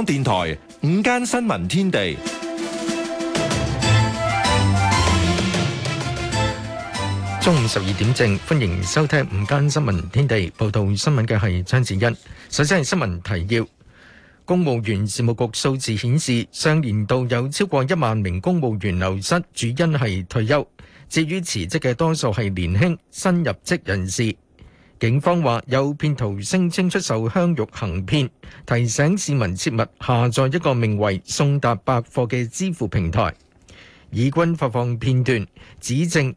港電台午間新聞天地，中午十二點正，歡迎收聽午間新聞天地。報道新聞嘅係張子欣。首先係新聞提要：公務員事務局數字顯示，上年度有超過一萬名公務員流失，主因係退休；至於辭職嘅，多數係年輕新入職人士。警方話，有騙徒聲稱出售香肉行騙，提醒市民切勿下載一個名為送達百貨嘅支付平台。以軍發放片段，指證，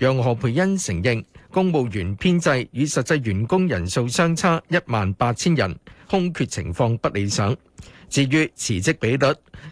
讓何培恩承認公務員編制與實際員工人數相差一萬八千人，空缺情況不理想。至於辭職比率，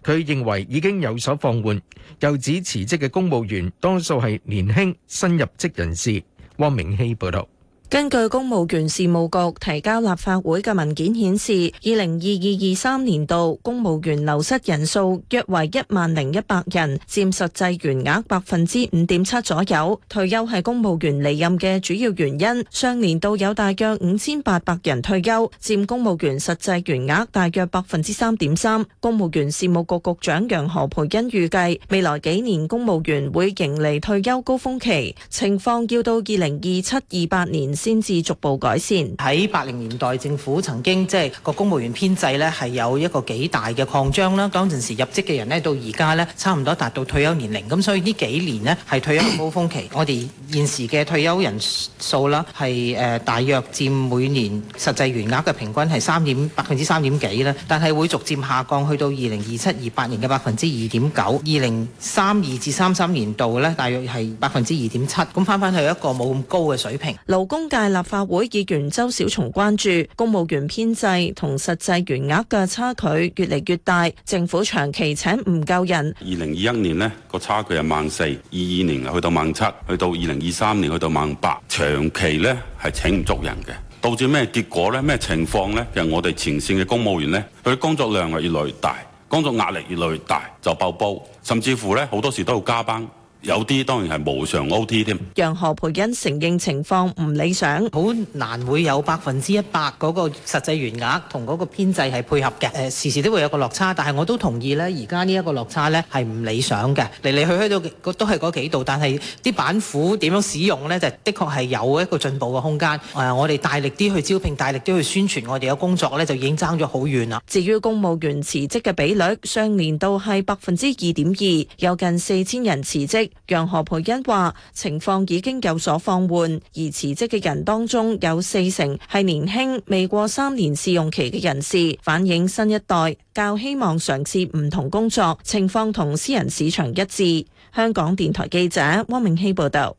佢認為已經有所放緩，又指辭職嘅公務員多數係年輕新入職人士。汪明熙報道。根據公務員事務局提交立法會嘅文件顯示，二零二二二三年度公務員流失人數約為一萬零一百人，佔實際員額百分之五點七左右。退休係公務員離任嘅主要原因，上年度有大約五千八百人退休，佔公務員實際員額大約百分之三點三。公務員事務局局長楊何蓓茵預計，未來幾年公務員會迎嚟退休高峰期，情況要到二零二七二八年先至逐步改善。喺八零年代，政府曾經即係個公務員編制咧，係有一個幾大嘅擴張啦。當陣時入職嘅人咧，到而家咧，差唔多達到退休年齡，咁所以呢幾年咧，係退休高峰期。 我哋現時嘅退休人數啦，係誒大約佔每年實際原額嘅平均係三點百分之三點幾啦。但係會逐漸下降，去到二零二七、二八年嘅百分之二點九，二零三二至三三年度咧，大約係百分之二點七。咁翻翻去一個冇咁高嘅水平。勞工界立法會議員周小松關注公務員編制同實際員額嘅差距越嚟越大，政府長期請唔夠人。二零二一年呢個差距係萬四，二二年去到萬七，去到二零二三年去到萬八，長期呢係請唔足人嘅。導致咩結果呢？咩情況呢？就我哋前線嘅公務員呢，佢工作量係越嚟越大，工作壓力越嚟越大，就爆煲，甚至乎呢好多時都要加班。有啲當然係無償 O.T. 添。楊何培恩承認情況唔理想，好難會有百分之一百嗰個實際原額同嗰個編制係配合嘅。誒、呃、時時都會有個落差，但係我都同意咧。而家呢一個落差咧係唔理想嘅，嚟嚟去去都都係嗰幾度。但係啲板斧點樣使用咧，就的確係有一個進步嘅空間。呃、我哋大力啲去招聘，大力啲去宣傳我哋嘅工作咧，就已經爭咗好遠啦。至於公務員辭職嘅比率，上年度係百分之二點二，有近四千人辭職。楊何培恩話情況已經有所放緩，而辭職嘅人當中有四成係年輕未過三年試用期嘅人士，反映新一代較希望嘗試唔同工作，情況同私人市場一致。香港電台記者汪明希報道。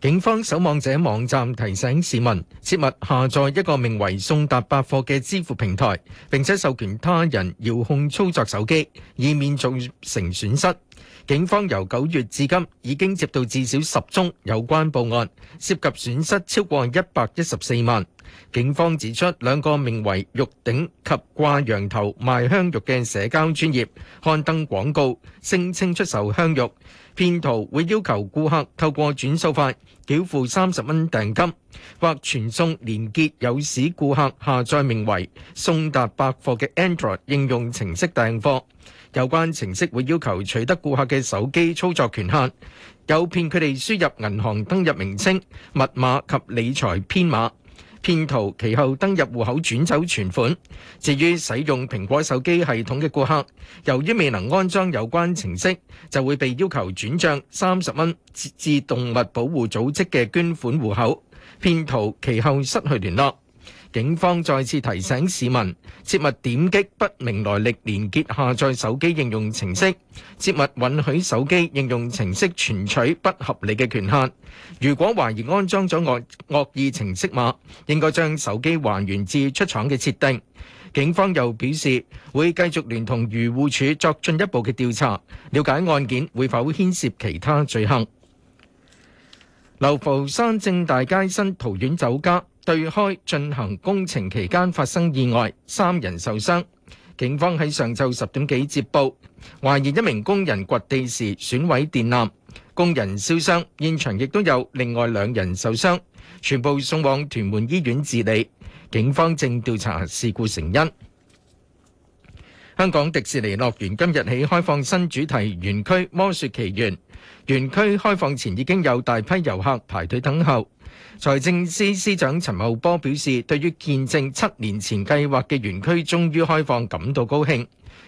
警方守望者網站提醒市民切勿下載一個名為送達百貨嘅支付平台，並且授權他人遙控操作手機，以免造成損失。警方由九月至今已經接到至少十宗有關報案，涉及損失超過一百一十四萬。警方指出，兩個名為「玉鼎」及掛羊頭賣香肉嘅社交專頁刊登廣告，聲稱出售香肉，騙徒會要求顧客透過轉數快繳付三十蚊訂金，或傳送連結誘使顧客下載名為「送達百貨」嘅 Android 應用程式訂貨。有關程式會要求取得顧客嘅手機操作權限，誘騙佢哋輸入銀行登入名稱、密碼及理財編碼，騙徒其後登入戶口轉走存款。至於使用蘋果手機系統嘅顧客，由於未能安裝有關程式，就會被要求轉帳三十蚊至動物保護組織嘅捐款戶口，騙徒其後失去聯絡。警方再次提醒市民，切勿點擊不明來歷連結下載手機應用程式，切勿允許手機應用程式存取不合理嘅權限，如果懷疑安裝咗惡惡意程式碼，應該將手機還原至出廠嘅設定，警方又表示會繼續聯同漁護署作進一步嘅調查，了解案件會否牽涉其他罪行。流浮山正大街新桃苑酒家。對開進行工程期間發生意外，三人受傷。警方喺上晝十點幾接報懷疑一名工人掘地時損毀電纜，工人燒傷，現場亦都有另外兩人受傷，全部送往屯門醫院治理。警方正調查事故成因。香港迪士尼樂園今日起開放新主題園區。財政司司長陳茂波表示，對於見證七年前計劃嘅園區終於開放感到高興。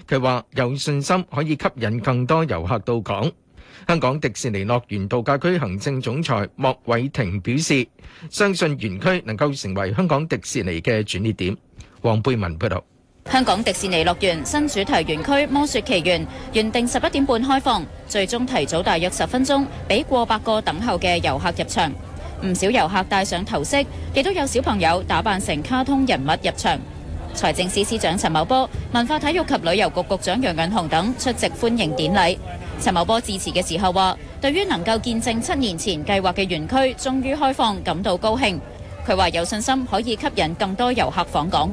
佢話有信心可以吸引更多遊客到港。香港迪士尼樂園度假區行政總裁莫偉霆表示，相信園區能夠成為香港迪士尼嘅轉捩點。黃貝文報導。香港迪士尼樂園新主題園區《魔雪奇緣》原定十一點半開放，最終提早大約十分鐘，俾過百個等候嘅遊客入場。唔少遊客戴上頭飾，亦都有小朋友打扮成卡通人物入場。財政司司長陳茂波、文化體育及旅遊局局長楊潤雄等出席歡迎典禮。陳茂波致辭嘅時候話，對於能夠見證七年前計劃嘅園區終於開放，感到高興。佢話有信心可以吸引更多遊客訪港。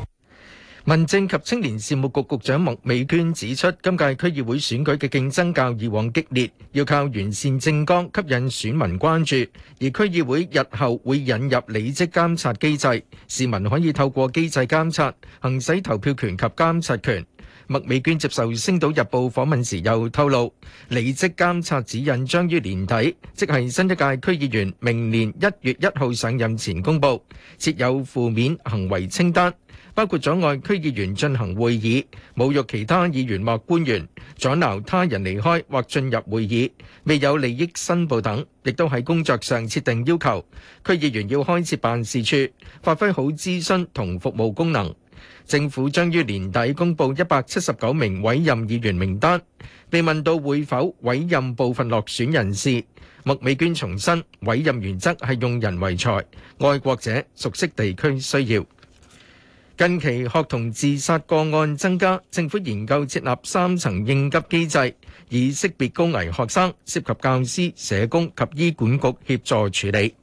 民政及青年事務局局長麥美娟指出，今屆區議會選舉嘅競爭較以往激烈，要靠完善政綱吸引選民關注。而區議會日後會引入履職監察機制，市民可以透過機制監察行使投票權及監察權。麥美娟接受星島日報訪問時又透露，履職監察指引將於年底，即係新一屆區議員明年1包括阻礙區議員進行會議，侮辱其他議員或官員，阻撓他人離開或進入會議，未有利益申報等，亦都喺工作上設定要求，區議員要開設辦事處，發揮好諮詢同服務功能。政府將於年底公佈179名委任議員名單。被問到會否委任部分落選人士，麥美娟重申，委任原則係用人唯才，愛國者熟悉地區需要。近期學童自殺個案增加，政府研究設立三層應急機制，以識別高危學生，涉及教師、社工及醫管局協助處理。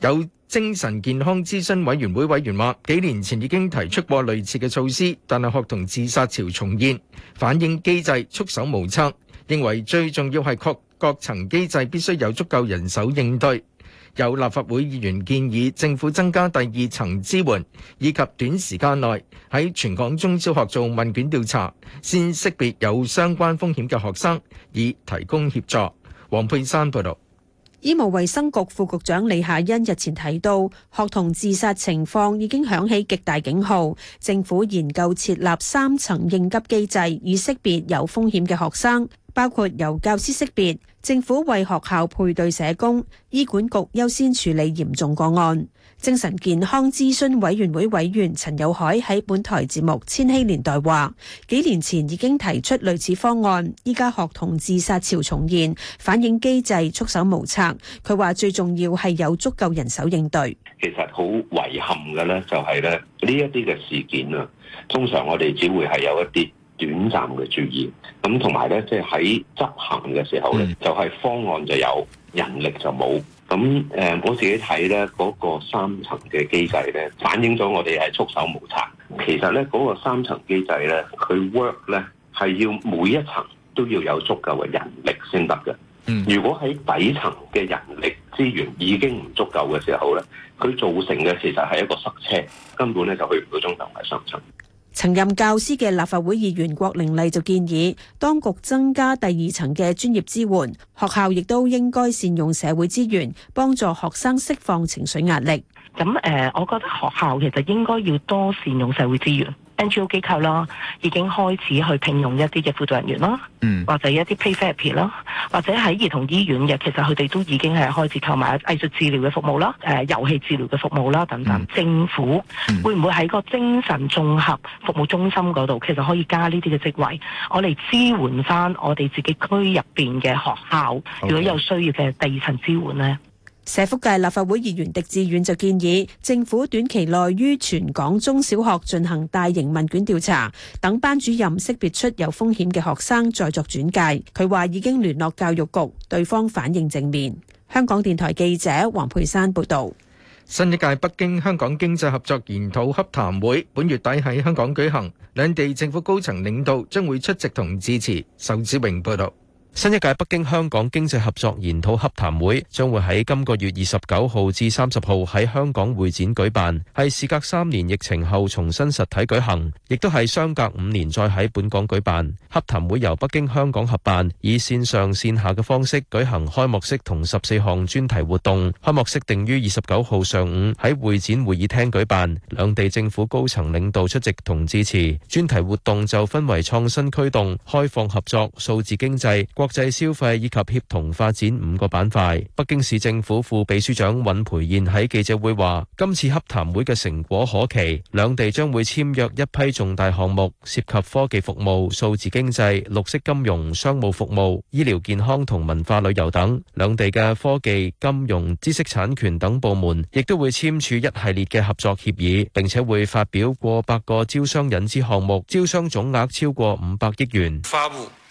有精神健康諮詢委員會委員話：幾年前已經提出過類似嘅措施，但係學童自殺潮重現，反應機制束手無策。認為最重要係確各層機制必須有足夠人手應對。有立法會議員建議政府增加第二層支援，以及短時間內喺全港中小學做問卷調查，先識別有相關風險嘅學生，以提供協助。黃佩珊報道，醫務衛生局副局長李夏欣日前提到，學童自殺情況已經響起極大警號，政府研究設立三層應急機制，以識別有風險嘅學生，包括由教師識別。政府為學校配對社工，醫管局優先處理嚴重個案。精神健康諮詢委員會委員陳友凱喺本台節目《千禧年代》話：幾年前已經提出類似方案，依家學童自殺潮重現，反映機制束手無策。佢話最重要係有足夠人手應對。其實好遺憾嘅咧，就係咧呢一啲嘅事件啊，通常我哋只會係有一啲。短暫嘅注意，咁同埋咧，即係喺執行嘅時候咧，就係、是、方案就有，人力就冇。咁、呃、我自己睇咧，嗰、那個三層嘅機制咧，反映咗我哋係束手無策。其實咧，嗰、那個三層機制咧，佢 work 咧係要每一層都要有足夠嘅人力先得嘅。嗯。如果喺底層嘅人力資源已經唔足夠嘅時候咧，佢造成嘅其實係一個塞車，根本咧就去唔到中層嘅三層。曾任教師嘅立法會議員郭玲麗就建議，當局增加第二層嘅專業支援，學校亦都應該善用社會資源，幫助學生釋放情緒壓力。咁誒，我覺得學校其實應該要多善用社會資源。NGO 機構啦，已經開始去聘用一啲嘅輔導人員啦、嗯，或者一啲 pay therapy 啦，或者喺兒童醫院嘅，其實佢哋都已經係開始購買藝術治療嘅服務啦，誒、呃，遊戲治療嘅服務啦等等、嗯。政府會唔會喺個精神綜合服務中心嗰度，其實可以加呢啲嘅職位，我嚟支援翻我哋自己區入邊嘅學校，Okay. 如果有需要嘅第二層支援呢？社福界立法會議員狄志遠就建議政府短期內於全港中小學進行大型問卷調查，等班主任識別出有風險的學生，再作轉介。佢話已經聯絡教育局，對方反應正面。香港電台記者黃佩珊報道。新一屆北京香港經濟合作研討洽談會本月底喺香港舉行，兩地政府高層領導將會出席同支持。仇志榮報道。新一屆北京香港經濟合作研討洽談會將會喺今個月二十九號至三十號喺香港會展舉辦，係事隔三年疫情後重新實體舉行，亦都係相隔五年再喺本港舉辦。洽談會由北京香港合辦，以線上線下嘅方式舉行開幕式同十四項專題活動。開幕式定於二十九號上午喺會展會議廳舉辦，兩地政府高層領導出席同致辭。專題活動就分為創新驅動、開放合作、數字經濟。國際消費以及協同發展五個板塊。北京市政府副秘書長尹培燕喺記者會話：今次洽談會嘅成果可期，兩地將會簽約一批重大項目，涉及科技服務、數字經濟、綠色金融、商務服務、醫療健康同文化旅遊等。兩地嘅科技、金融、知識產權等部門亦都會簽署一系列嘅合作協議，並且會發表過百個招商引資項目，招商總額超過五百億元。發布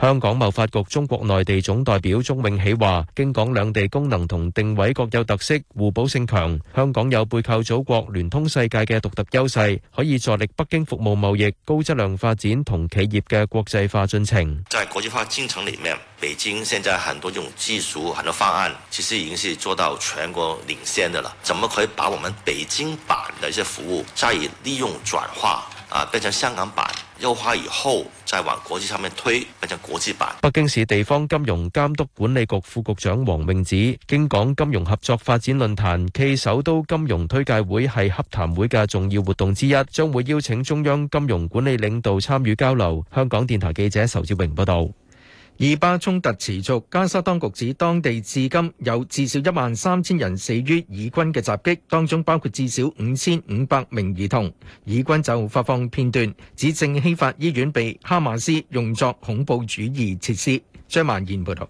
香港貿發局中國內地總代表鐘永喜話，京港兩地功能同定位各有特色，互補性強，香港有背靠祖國聯通世界嘅獨特優勢，可以助力北京服務貿易高質量發展同企業嘅國際化進程。啊！變成香港版優化以後再往國際上面推，變成國際版。北京市地方金融監督管理局副局長王穎指，京港金融合作發展論壇暨首都金融推介會係洽談會嘅重要活動之一，將會邀請中央金融管理領導參與交流。香港電台記者仇志榮報道。以巴衝突持續，加沙當局指當地至今有至少一萬三千人死於以軍嘅襲擊，當中包括至少五千五百名兒童。以軍就發放片段，指證希法醫院被哈馬斯用作恐怖主義設施。張曼賢報道。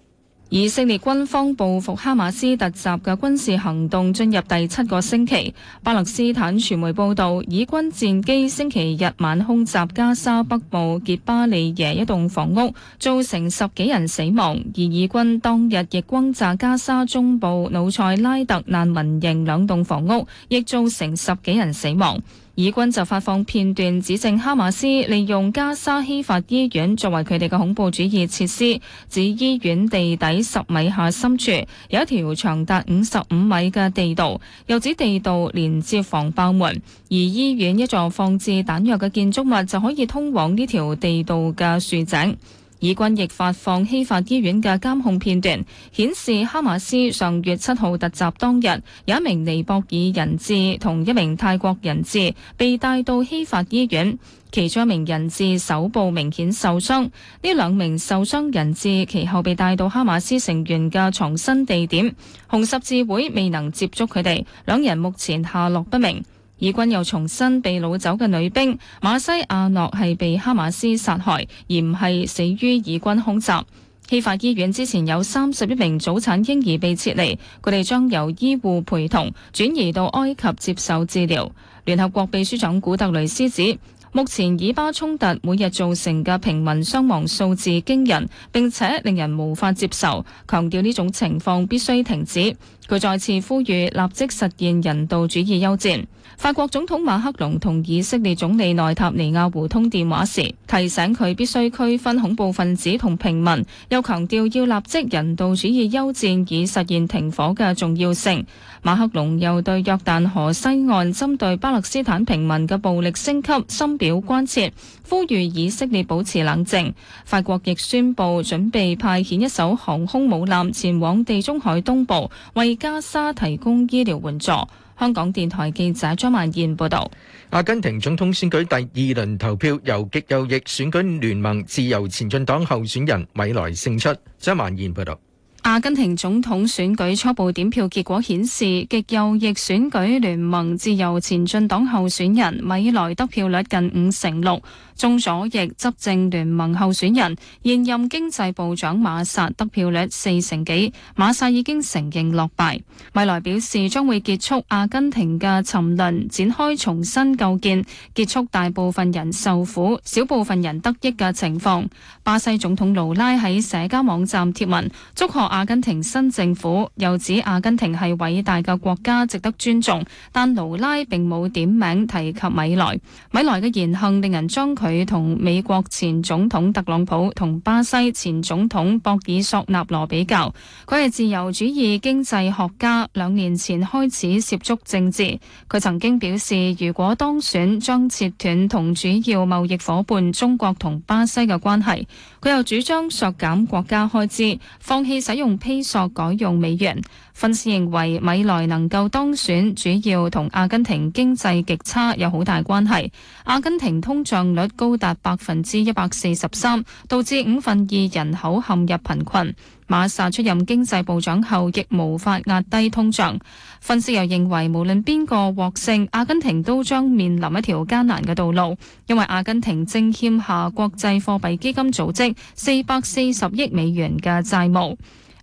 以色列軍方報復哈馬斯突襲嘅軍事行動進入第七個星期。巴勒斯坦傳媒報道，以軍戰機星期日晚空襲加沙北部傑巴利耶一棟房屋，造成十幾人死亡；而以軍當日亦轟炸加沙中部努塞拉特難民營兩棟房屋，亦造成十幾人死亡。以軍就發放片段，指證哈馬斯利用加沙希法醫院作為佢哋嘅恐怖主義設施，指醫院地底十米下深處有一條長達五十五米嘅地道，又指地道連接防爆門，而醫院一座放置彈藥嘅建築物就可以通往呢條地道嘅豎井。以軍亦發放希法醫院嘅監控片段，顯示哈馬斯上月七號突襲當日，有一名尼泊爾人質同一名泰國人質被帶到希法醫院，其中一名人質手部明顯受傷。呢兩名受傷人質其後被帶到哈馬斯成員嘅藏身地點，紅十字會未能接觸佢哋，兩人目前下落不明。以軍又重新被擄走嘅女兵馬西亞諾係被哈馬斯殺害，而唔係死於以軍空襲。希法醫院之前有三十一名早產嬰兒被撤離，佢哋將由醫護陪同轉移到埃及接受治療。聯合國秘書長古特雷斯指，目前以巴衝突每日造成嘅平民傷亡數字驚人，並且令人無法接受，強調呢種情況必須停止。佢再次呼籲立即實現人道主義休戰。法國總統馬克龍同以色列總理內塔尼亞胡通電話時，提醒佢必須區分恐怖分子同平民，又強調要立即人道主義休戰以實現停火嘅重要性。馬克龍又對約旦河西岸針對巴勒斯坦平民嘅暴力升級深表關切。呼籲以色列保持冷靜，法國亦宣佈準備派遣一艘航空母艦前往地中海東部，為加沙提供醫療援助。香港電台記者張萬燕報導。阿根廷總統選舉第二輪投票，由極右翼選舉聯盟自由前進黨候選人米萊勝出。張萬燕報導。阿根廷總統選舉初步點票結果顯示，極右翼選舉聯盟自由前進黨候選人米萊得票率近五成六，中左翼執政聯盟候選人現任經濟部長馬薩得票率四成幾。馬薩已經承認落敗。米萊表示將會結束阿根廷嘅沉淪，展開重新構建，結束大部分人受苦、少部分人得益嘅情況。巴西總統盧拉喺社交網站貼文祝賀。阿根廷新政府又指阿根廷係偉大嘅國家，值得尊重，但盧拉並冇點名提及米萊。米萊嘅言行令人將佢同美國前總統特朗普同巴西前總統博爾索納羅比較，佢係自由主義經濟學家，兩年前開始涉足政治。佢曾經表示，如果當選，將切斷同主要貿易夥伴中國同巴西嘅關係，佢又主張削減國家開支，放棄使用披索改用美元。分析認為，米萊能夠當選，主要同阿根廷經濟極差有好大關係。阿根廷通脹率高達百分之一百四十三，導致五分二人口陷入貧困。馬薩出任經濟部長後，亦無法壓低通脹。分析又認為，無論邊個獲勝，阿根廷都將面臨一條艱難嘅道路，因為阿根廷正欠下國際貨幣基金組織四百四十億美元嘅債務。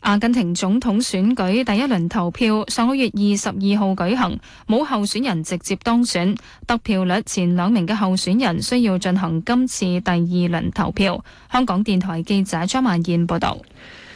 阿根廷總統選舉第一輪投票上個月二十二號舉行，冇候選人直接當選，得票率前兩名嘅候選人需要進行今次第二輪投票。香港電台記者張萬燕報道。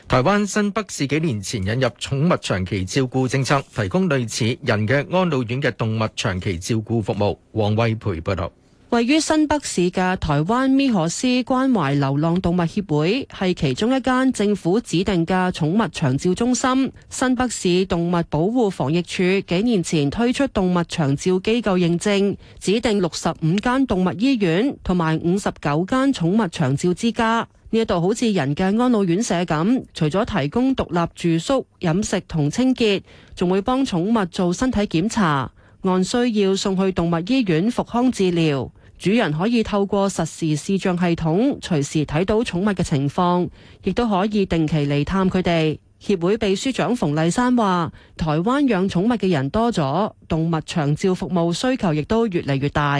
台灣新北市幾年前引入寵物長期照顧政策，提供類似人嘅安老院嘅動物長期照顧服務。黃威培報道。位於新北市嘅台灣咪可斯關懷流浪動物協會係其中一間政府指定嘅寵物長照中心。新北市動物保護防疫處幾年前推出動物長照機構認證，指定六十五間動物醫院同埋五十九間寵物長照之家。呢度好似人嘅安老院舍咁，除咗提供獨立住宿、飲食同清潔，仲會幫寵物做身體檢查，按需要送去動物醫院復康治療。主人可以透過實時視像系統隨時睇到寵物嘅情況，亦都可以定期嚟探佢哋。協會秘書長馮麗珊話，台灣養寵物嘅人多咗，動物長照服務需求亦都越嚟越大。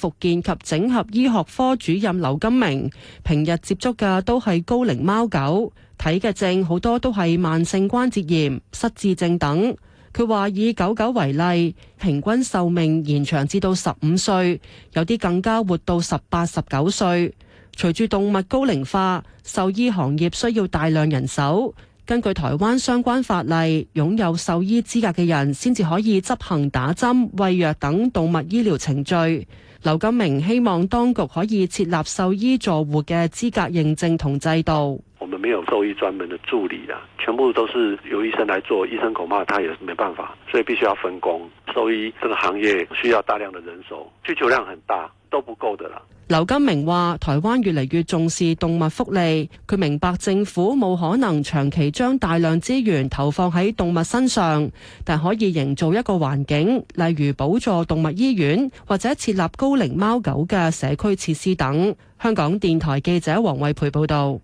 復健及整合醫學科主任劉金明平日接觸嘅都係高齡貓狗，睇嘅症好多都係慢性關節炎、失智症等。佢話以狗狗為例，平均壽命延長至到十五歲，有啲更加活到十八、十九歲。隨住動物高齡化，獸醫行業需要大量人手。根據台灣相關法例，擁有獸醫資格嘅人先至可以執行打針、餵藥等動物醫療程序。劉金明希望當局可以設立獸醫助護嘅資格認證同制度。我們沒有獸醫專門的助理啊，全部都是由醫生來做，醫生恐怕他也沒辦法，所以必須要分工。獸醫這個行業需要大量的人手，需求量很大。都不夠的啦。劉金明話：台灣越嚟越重視動物福利，佢明白政府冇可能長期將大量資源投放喺動物身上，但可以營造一個環境，例如補助動物醫院或者設立高齡貓狗嘅社區設施等。香港電台記者黃慧培報道。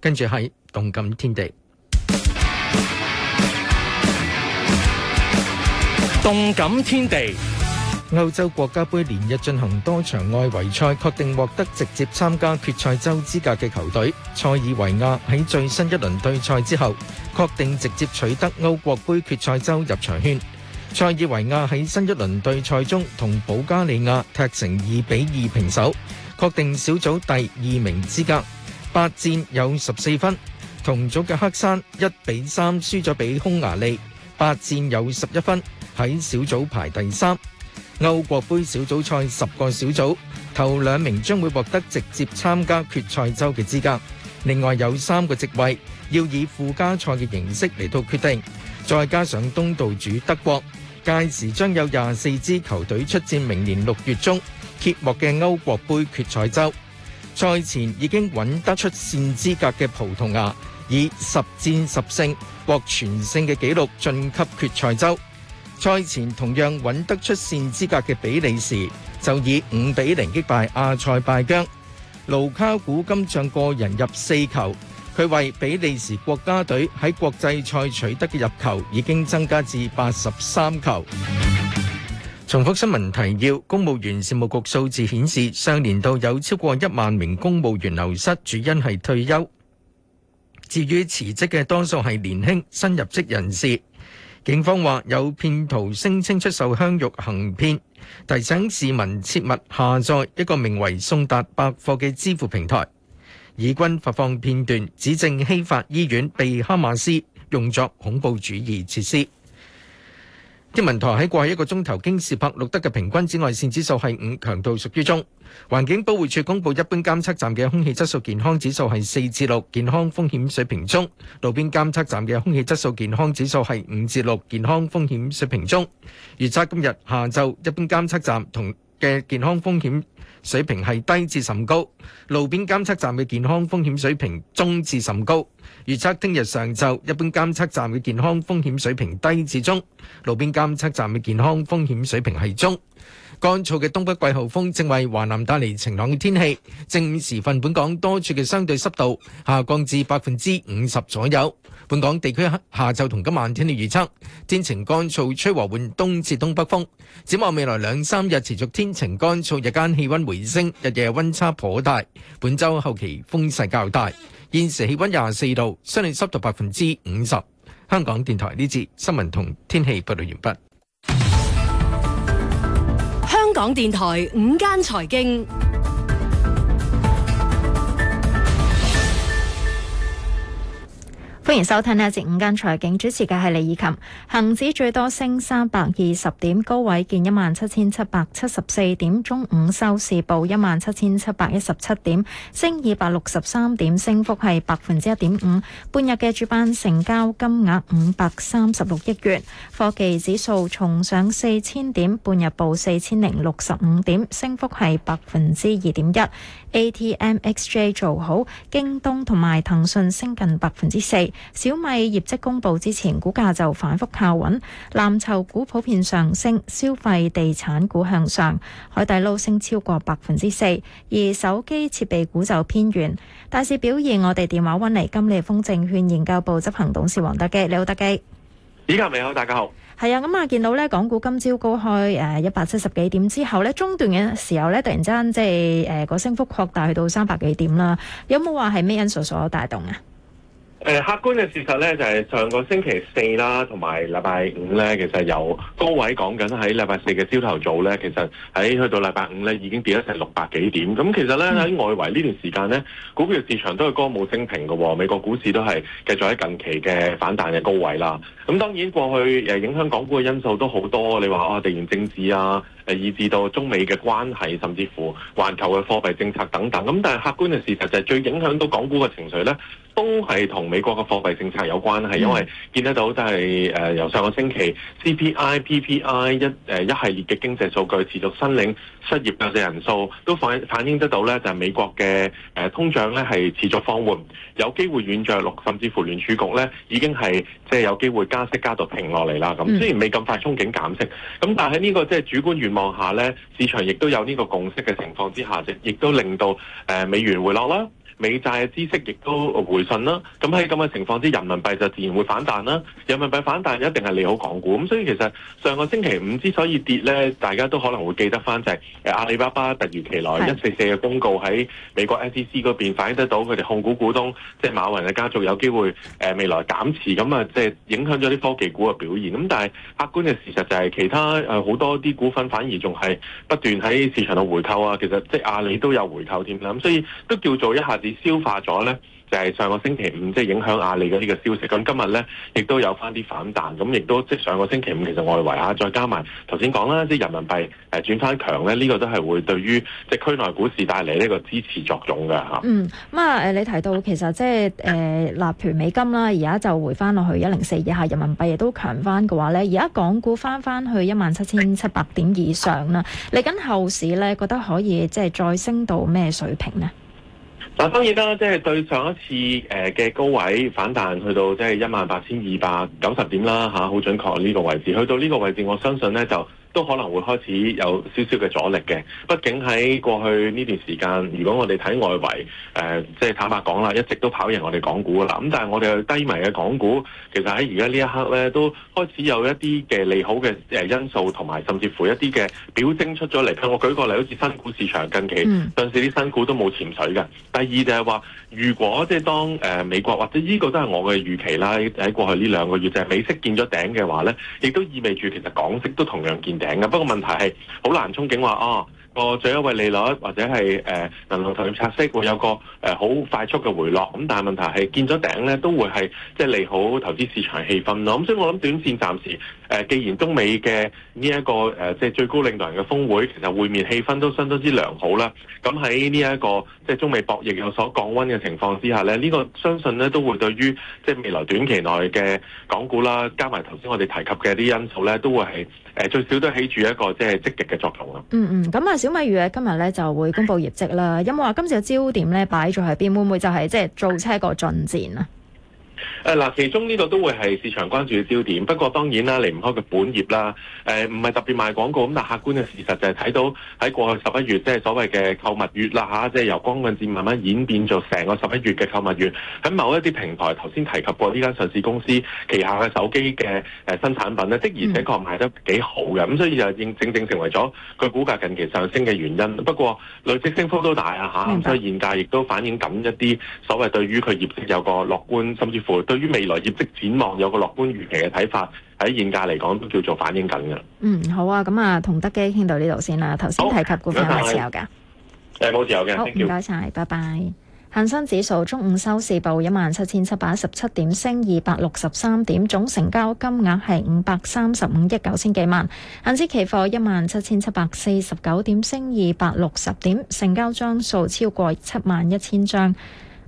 跟住係動感天地，動感天地。歐洲國家盃連日進行多場外圍賽，確定獲得直接參加決賽周資格嘅球隊。塞爾維亞喺最新一輪對賽之後，確定直接取得歐國盃決賽周入場券。塞爾維亞喺新一輪對賽中同保加利亞踢成二比二平手，確定小組第二名資格。八戰有十四分，同組嘅黑山一比三輸咗俾匈牙利，八戰有十一分，喺小組排第三。歐國盃小組賽十個小組頭兩名將會獲得直接參加決賽周嘅資格，另外有三個席位要以附加賽嘅形式嚟到決定，再加上東道主德國，屆時將有廿四支球隊出戰明年六月中揭幕嘅歐國盃決賽周。賽前已經穩得出綫資格嘅葡萄牙，以十戰十勝獲全勝嘅紀錄晉級決賽周。賽前同樣穩得出線資格嘅比利時就以五比零擊敗阿塞拜疆，盧卡古今仗個人入四球，佢為比利時國家隊喺國際賽取得嘅入球已經增加至八十三球。重複新聞提要：公務員事務局數字顯示，上年度有超過一萬名公務員流失，主因係退休。至於辭職嘅，多數係年輕新入職人士。警方話有騙徒聲稱出售香肉行騙，提醒市民切勿下載一個名為「送達百貨」嘅支付平台。以軍發放片段指證希法醫院被哈馬斯用作恐怖主義設施。天文台喺過去一個鐘頭京士柏錄得嘅平均紫外線指數係五，強度屬於中。環境保護署公布一般監測站嘅空氣質素健康指數係四至六，健康風險水平中；路邊監測站嘅空氣質素健康指數係五至六，健康風險水平中。預測今日下晝一般監測站同嘅健康風險。水平係低至甚高，路邊監測站嘅健康風險水平中至甚高。預測聽日上晝一般監測站嘅健康風險水平低至中，路邊監測站嘅健康風險水平係中。乾燥嘅東北季候風正為華南帶嚟晴朗嘅天氣。正午時分，本港多處嘅相對濕度下降至百分之五十左右。本港地區下晝同今晚天氣預測天晴乾燥，吹和緩東至東北風。展望未來兩三日持續天晴乾燥，日間氣溫回。回升，日夜溫差頗大。本周後期風勢較大。現時氣溫廿四度，相對濕度百分之五十。香港電台呢節新聞同天氣報道完畢。香港電台午間財經。歡迎收睇呢一下節午間財經，主持嘅係李以琴。恒指最多升三百二十點，高位見一萬七千七百七十四點，中午收市報一萬七千七百一十七點，升二百六十三點，升幅係百分之一點五。半日嘅主板成交金額五百三十六億元。科技指數重上四千點，半日報四千零六十五點，升幅係百分之二點一。ATMXJ 做好，京東同埋騰訊升近百分之四。小米業績公布之前，股價就反覆靠穩。藍籌股普遍上升，消費、地產股向上，海底撈升超過百分之四，而手機設備股就偏軟。大市表現，我哋電話搵嚟金利豐證券研究部執行董事黃德基，你好，德基。依家未好，大家好。係啊，咁啊，見到呢港股今朝高開誒一百七十幾點之後呢，中段嘅時候呢，突然之間即係誒個升幅擴大去到三百幾點啦。有冇話係咩因素所帶動啊？誒，客觀嘅事實咧，就係上個星期四啦，同埋禮拜五咧，其實由高位講緊喺禮拜四嘅朝頭早咧，其實喺去到禮拜五咧已經跌咗成六百幾點。咁其實咧喺外圍呢段時間咧，股票市場都係歌舞升平嘅喎，美國股市都係繼續喺近期嘅反彈嘅高位啦。咁當然過去誒影響港股嘅因素都好多，你話啊地緣政治啊，誒以至到中美嘅關係，甚至乎環球嘅貨幣政策等等。咁但係客觀嘅事實就係最影響到港股嘅情緒咧。都係同美國嘅貨幣政策有關係，嗯、因為見得到就係、是、誒、呃、由上個星期 CPI、PPI 一、呃、一系列嘅經濟數據持續申領失業救濟人數，都反反映得到咧，就係、是、美國嘅、呃、通脹咧係持續放緩，有機會軟著陸，甚至乎聯儲局咧已經係即係有機會加息加到停落嚟啦。咁、嗯、雖然未咁快憧憬減息，咁但喺呢個即係主觀願望下咧，市場亦都有呢個共識嘅情況之下，亦都令到誒、呃、美元回落啦。美債嘅孳息亦都回信啦，咁喺咁嘅情況之下，人民幣就自然會反彈啦。人民幣反彈一定係利好港股，咁所以其實上個星期五之所以跌咧，大家都可能會記得翻就係阿里巴巴突如其來一四四嘅公告，喺美國 S.E.C. 嗰邊反映得到佢哋控股股東即係馬雲嘅家族有機會誒未來減持，咁啊即係影響咗啲科技股嘅表現。咁但係客觀嘅事實就係其他誒好多啲股份反而仲係不斷喺市場度回購啊，其實即係阿里都有回購添啦，咁所以都叫做一下，消化咗咧，就係、是、上個星期五即係、就是、影響阿里嘅呢個消息。咁今日咧，亦都有返啲反彈，咁亦都即係上個星期五其實外圍啊，再加埋頭先講啦，即係人民幣誒轉返強咧，呢、這個都係會對於即係區內股市帶嚟呢個支持作用嘅嚇。嗯，咁啊誒，你提到其實即係誒納權美金啦，而家就回返落去一零四以下，人民幣亦都強返嘅話咧，而家港股返返去一萬七千七百點以上啦。嚟緊後市咧，覺得可以即係再升到咩水平咧？嗱，當然啦，即係，誒對上一次嘅高位反彈，去到即係一萬八千二百九十點啦，好準確呢個位置。去到呢個位置，我相信呢就，都可能會開始有少少嘅阻力嘅，畢竟喺過去呢段時間，如果我哋睇外圍，誒、呃，即係坦白講啦，一直都跑贏我哋港股噶啦。咁但係我哋低迷嘅港股，其實喺而家呢一刻咧，都開始有一啲嘅利好嘅因素，同埋甚至乎一啲嘅表徵出咗嚟。我舉個例，好似新股市場近期，上市啲新股都冇潛水嘅。第二就係話，如果即係當美國或者呢、這個都係我嘅預期啦，喺過去呢兩個月就係、是、美息見咗頂嘅話咧，亦都意味住其實港息都同樣見。不過問題係好難憧憬話哦個最優惠利率或者係誒、呃、銀行同業拆息會有個誒好、呃、快速嘅回落，咁但係問題係見咗頂咧，都會係即係利好投資市場氣氛咯。咁、嗯、所以我諗短線暫時誒、呃，既然中美嘅呢一個即係、呃、最高領導人嘅峰會，其實會面氣氛都相當之良好啦。咁喺呢一個即係中美博弈有所降溫嘅情況之下咧，呢、這個相信咧都會對於即係未來短期內嘅港股啦，加埋頭先我哋提及嘅一啲因素咧，都會係、呃、最少都起住一個即係積極嘅作用咯。嗯嗯，咁、嗯、啊。嗯嗯嗯小米如今日咧就會公布業績啦，有冇話今次嘅焦點咧擺咗喺邊？會唔會就係即係造車個進展啊？嗱，其中呢度都會係市場關注嘅焦點，不過當然啦，離唔開佢本業啦。誒、呃，唔係特別賣廣告咁，但客觀嘅事實就係睇到喺過去十一月，即係所謂嘅購物月啦、啊、即係由光棍節慢慢演變做成個十一月嘅購物月。喺某一啲平台頭先提及過呢間上市公司旗下嘅手機嘅新產品咧，的而且確賣得幾好嘅，咁、嗯、所以就正正成為咗佢股價近期上升嘅原因。不過累積升幅都大啊嚇，所以現價亦都反映緊一啲所謂對於佢業績有個樂觀，甚至。對於未來業績展望有個樂觀預期嘅睇法，喺現價嚟講都叫做反映緊嘅。嗯，好啊，咁啊，同德基傾到呢度先啦。頭先提及股份有冇持有嘅？誒，冇持有嘅。好，唔該晒，拜拜。恒生指數中午收市報一萬七千七百一十七點，升二百六十三點，總成交金額係五百三十五億九千幾萬。恆指期貨一萬七千七百四十九點，升二百六十點，成交張數超過七萬一千張。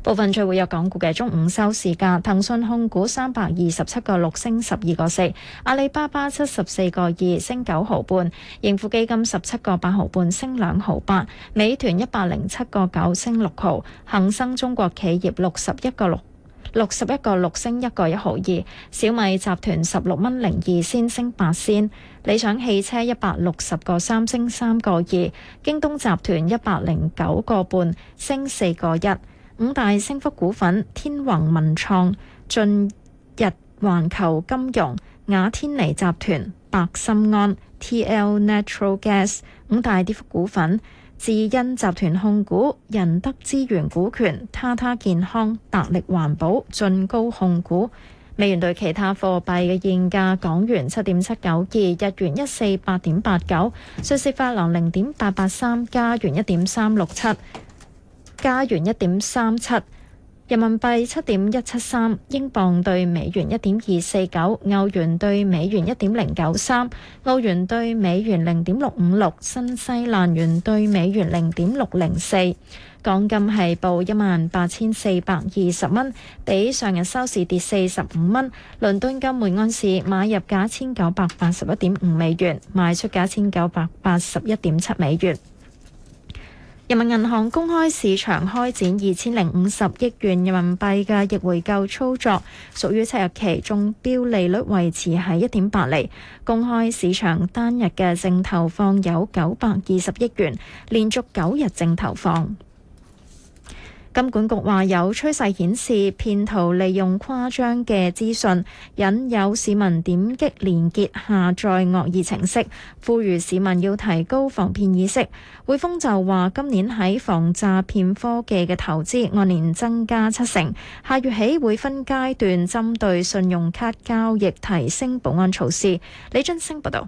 部分最活躍有港股嘅中午收市價，騰訊控股三百二十七個六升十二個四，阿里巴巴七十四個二升九毫半，盈富基金十七個八毫半升兩毫八，美團一百零七個九升六毫，恒生中國企業六十一個六六十一個六升一個一毫二，小米集團十六蚊零二先升八先，理想汽車一百六十個三升三個二，京東集團一百零九個半升四個一。五大升幅股份：天宏文創、進日環球金融、雅天尼集團、百心安、TL Natural Gas。五大跌幅股份：智恩集團控股、仁德資源股權、塔塔健康、達力環保、進高控股。美元對其他貨幣嘅現價：港元七點七九二，日元一四八點八九，瑞士法郎零點八八三，加元一點三六七。加元1.37，人民幣7.173，英鎊對美元1.249，歐元對美元1.093，澳元對美元0.656，新西蘭元對美元0.604。港金係報18,420蚊，比上日收市跌45蚊。倫敦金每安士買入價1,981.5美元，賣出價1,981.7美元。人民銀行公開市場開展二千零五十億元人民幣嘅逆回購操作，屬於七日期，中標利率維持喺一點八厘，公開市場單日嘅淨投放有九百二十億元，連續九日淨投放。金管局話有趨勢顯示，騙徒利用誇張嘅資訊引誘市民點擊連結下載惡意程式，呼籲市民要提高防騙意識。匯豐就話今年喺防詐騙科技嘅投資按年增加七成，下月起會分階段針對信用卡交易提升保安措施。李俊升報道。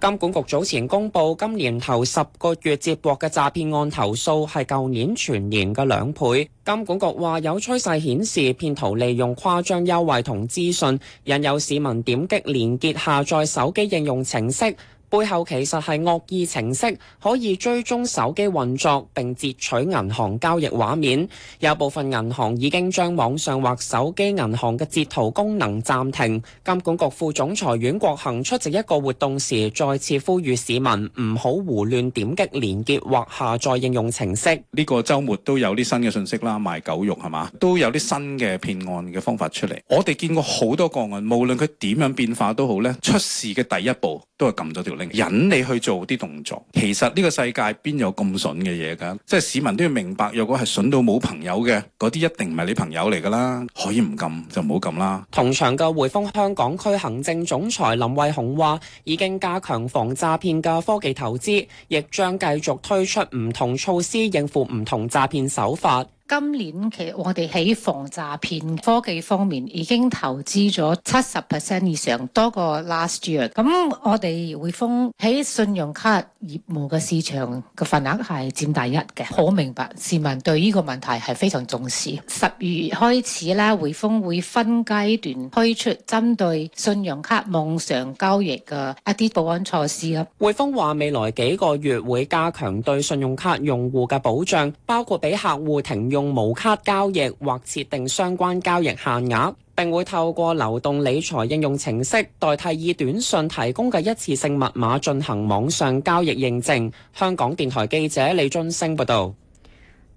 金管局早前公布，今年頭十個月接獲嘅詐騙案投訴係舊年全年嘅兩倍。金管局話有趨勢顯示，騙徒利用誇張優惠同資訊引誘市民點擊連結下載手機應用程式。背後其實係惡意程式，可以追蹤手機運作並截取銀行交易畫面。有部分銀行已經將網上或手機銀行嘅截圖功能暫停。金管局副總裁阮國恒出席一個活動時，再次呼籲市民唔好胡亂點擊連結或下載應用程式。呢、呢個周末都有啲新嘅信息啦，賣狗肉係嘛？都有啲新嘅騙案嘅方法出嚟。我哋見過好多個案，無論佢點樣變化都好呢，出事嘅第一步都係撳咗條例。引你去做啲動作，其實呢個世界邊有咁笋嘅嘢噶，即係市民都要明白，若果係笋到冇朋友嘅嗰啲，一定唔係你朋友嚟噶啦。可以唔撳就唔好撳啦。同場嘅匯豐香港區行政總裁林偉雄話，已經加強防詐騙嘅科技投資，亦將繼續推出唔同措施應付唔同詐騙手法。今年其實我哋喺防詐騙科技方面已經投資咗七十 percent 以上多過 last year。咁我哋匯豐喺信用卡業務嘅市場嘅份額係佔第一嘅。好明白市民對呢個問題係非常重視，十二月開始啦，匯豐會分階段推出針對信用卡網上交易嘅一啲保安措施。啦匯豐話未來幾個月會加強對信用卡用戶嘅保障，包括俾客戶停用。用無卡交易或設定相關交易限額，並會透過流動理財應用程式代替以短訊提供嘅一次性密碼進行網上交易認證。香港電台記者李津升報道。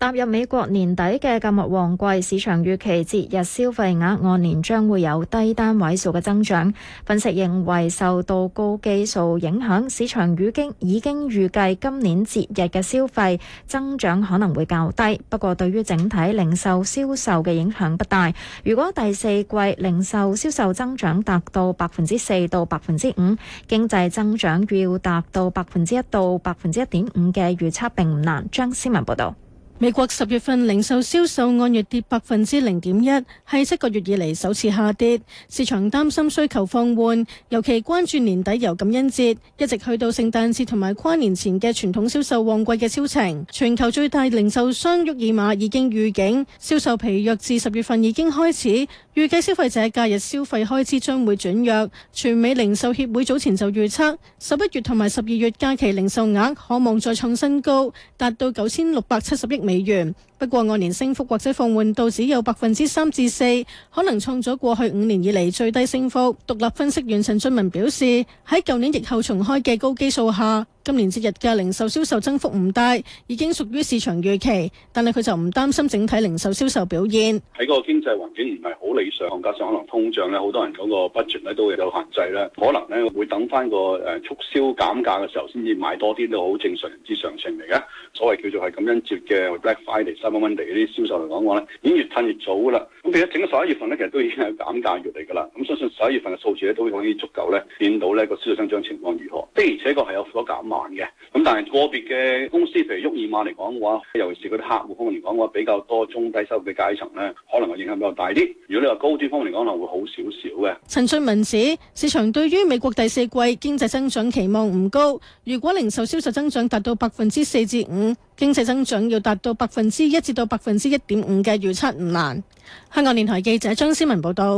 踏入美國年底嘅購物旺季，市場預期節日消費額按年將會有低單位數嘅增長。分析認為受到高基數影響，市場已經已經預計今年節日嘅消費增長可能會較低。不過，對於整體零售銷售嘅影響不大。如果第四季零售銷售，銷售增長達到百分之四到百分之五，經濟增長要達到百分之一到百分之一點五嘅預測並唔難。張思文報導。美國十月份零售銷售按月跌百分之零點一，係七個月以嚟首次下跌。市場擔心需求放緩，尤其關注年底由感恩節一直去到聖誕節同埋跨年前嘅傳統銷售旺季嘅銷情。全球最大零售商沃爾瑪已經預警，銷售疲弱至十月份已經開始。預計消費者假日消費開支將會轉弱。全美零售協會早前就預測，十一月同埋十二月假期零售額可望再創新高，達到九千六百七十億美元。不過，按年升幅或者放緩到只有百分之三至四，可能創咗過去五年以嚟最低升幅。獨立分析員陳俊文表示，喺舊年疫後重開嘅高基數下，今年節日嘅零售銷售增幅唔大，已經屬於市場預期，但係佢就唔擔心整體零售銷售表現。喺個經濟環境唔係好理想，加上可能通脹咧，好多人嗰個 budget 咧都會有限制啦。可能咧會等翻個誒、呃、促銷減價嘅時候先至買多啲都好正常，人之常情嚟嘅。所謂叫做係感恩節嘅 Black Friday、Cyber Monday 嗰啲銷售嚟講話咧，已經越褪越早噶啦。咁其實整十一月份咧，其實都已經係減價月嚟㗎啦。咁相信十一月份嘅數字咧，都已經足夠咧見到呢、這個銷售增長情況如何。的而且確係有所減。嘅，咁但係個別嘅公司，譬如沃爾瑪嚟講嘅話，尤其是嗰啲客戶方面嚟講嘅話，比較多中低收入嘅階層呢，可能個影響比較大啲。如果你話高端方面嚟講，可能會好少少嘅。陳俊文指，市場對於美國第四季經濟增長期望唔高，如果零售銷售增長達到百分之四至五，經濟增長要達到百分之一至到百分之一點五嘅預測唔難。香港電台記者張思文報道。